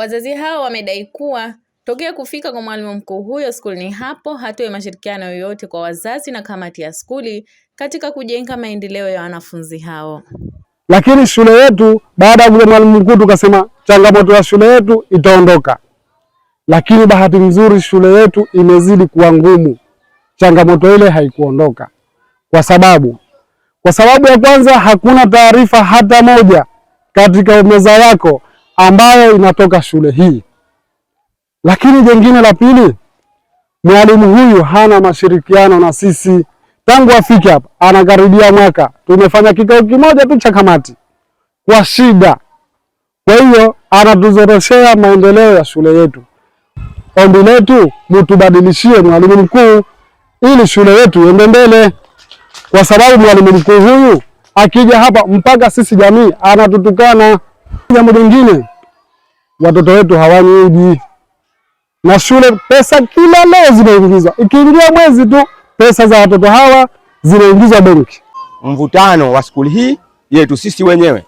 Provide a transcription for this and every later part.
Wazazi hao wamedai kuwa tokea kufika kwa mwalimu mkuu huyo skulini hapo hatoe mashirikiano yoyote kwa wazazi na kamati ya skuli katika kujenga maendeleo ya wanafunzi hao. Lakini shule yetu baada ya kuja mwalimu mkuu tukasema changamoto ya shule yetu itaondoka, lakini bahati nzuri shule yetu imezidi kuwa ngumu. Changamoto ile haikuondoka kwa sababu, kwa sababu ya kwanza, hakuna taarifa hata moja katika meza yako ambayo inatoka shule hii. Lakini jengine la pili, mwalimu huyu hana mashirikiano na sisi tangu afike hapa, anakaribia mwaka, tumefanya kikao kimoja tu cha kamati kwa shida. Kwa hiyo anatuzoroshea maendeleo ya shule yetu. Ombi letu mutubadilishie mwalimu mkuu ili shule yetu iende mbele, kwa sababu mwalimu mkuu huyu akija hapa mpaka sisi jamii anatutukana. Jambo lingine, watoto wetu hawanyuji na shule, pesa kila leo zinaingizwa. Ikiingia mwezi tu pesa za watoto hawa zinaingizwa benki. Mvutano wa skuli hii yetu sisi wenyewe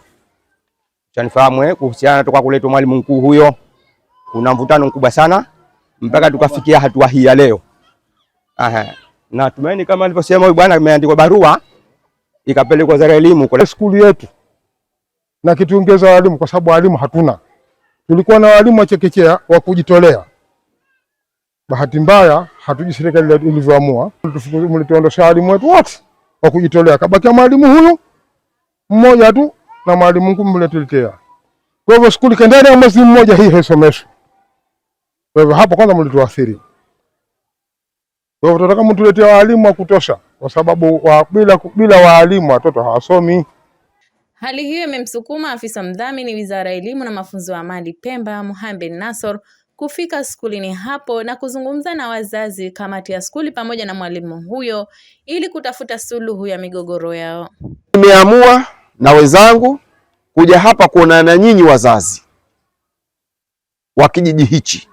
chanifahamu eh, kuhusiana toka kuletwa mwalimu mkuu huyo, kuna mvutano mkubwa sana mpaka tukafikia hatua hii ya leo. Aha. Na tumaini kama alivyosema huyu bwana, imeandikwa barua ikapelekwa Wizara ya Elimu kwa skuli yetu na kituongeza walimu kwa sababu walimu hatuna. Tulikuwa na walimu wa chekechea wa kujitolea, bahati mbaya hatuji serikali ilivyoamua, mlituondosha walimu wetu wote wa kujitolea, kabakia mwalimu huyu mmoja tu na mwalimu mkuu mlituletea. Kwa hivyo shule ikaenda ya mwezi mmoja hii haisomeshwi. Kwa hivyo hapo kwanza mlituathiri. Kwa hivyo tunataka mtuletee walimu wa kutosha, kwa sababu wa bila bila walimu watoto hawasomi. Hali hiyo imemsukuma afisa mdhamini Wizara ya Elimu na Mafunzo ya Amali Pemba, Mohamed Nassor kufika skulini hapo na kuzungumza na wazazi, kamati ya skuli pamoja na mwalimu huyo ili kutafuta suluhu ya migogoro yao. Nimeamua na wenzangu kuja hapa kuonana na nyinyi wazazi wa kijiji hichi.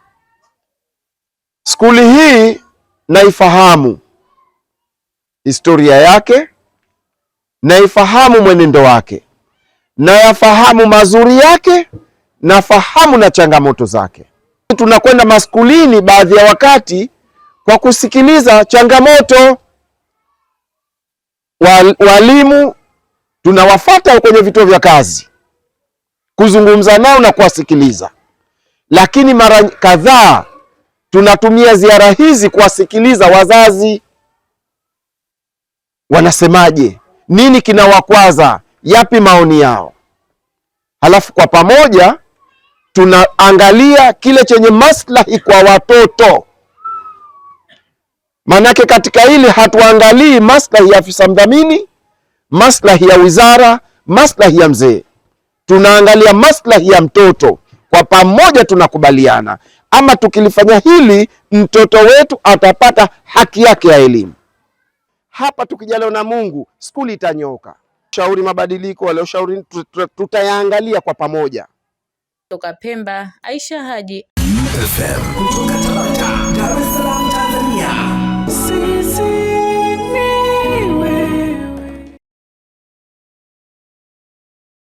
Skuli hii naifahamu historia yake, naifahamu mwenendo wake, na yafahamu mazuri yake na fahamu na changamoto zake. Tunakwenda maskulini baadhi ya wakati kwa kusikiliza changamoto. Walimu tunawafata kwenye vituo vya kazi kuzungumza nao na kuwasikiliza, lakini mara kadhaa tunatumia ziara hizi kuwasikiliza wazazi, wanasemaje, nini kinawakwaza yapi maoni yao, halafu kwa pamoja tunaangalia kile chenye maslahi kwa watoto. Maanake katika hili hatuangalii maslahi ya afisa mdhamini, maslahi ya wizara, maslahi ya mzee, tunaangalia maslahi ya mtoto. Kwa pamoja tunakubaliana ama tukilifanya hili, mtoto wetu atapata haki yake ya elimu. Hapa tukijaliwa na Mungu, skuli itanyoka shauri mabadiliko walioshauri, tutayaangalia kwa pamoja. Kutoka Pemba, Aisha Haji FM, kutoka Tabata, Dar es Salaam.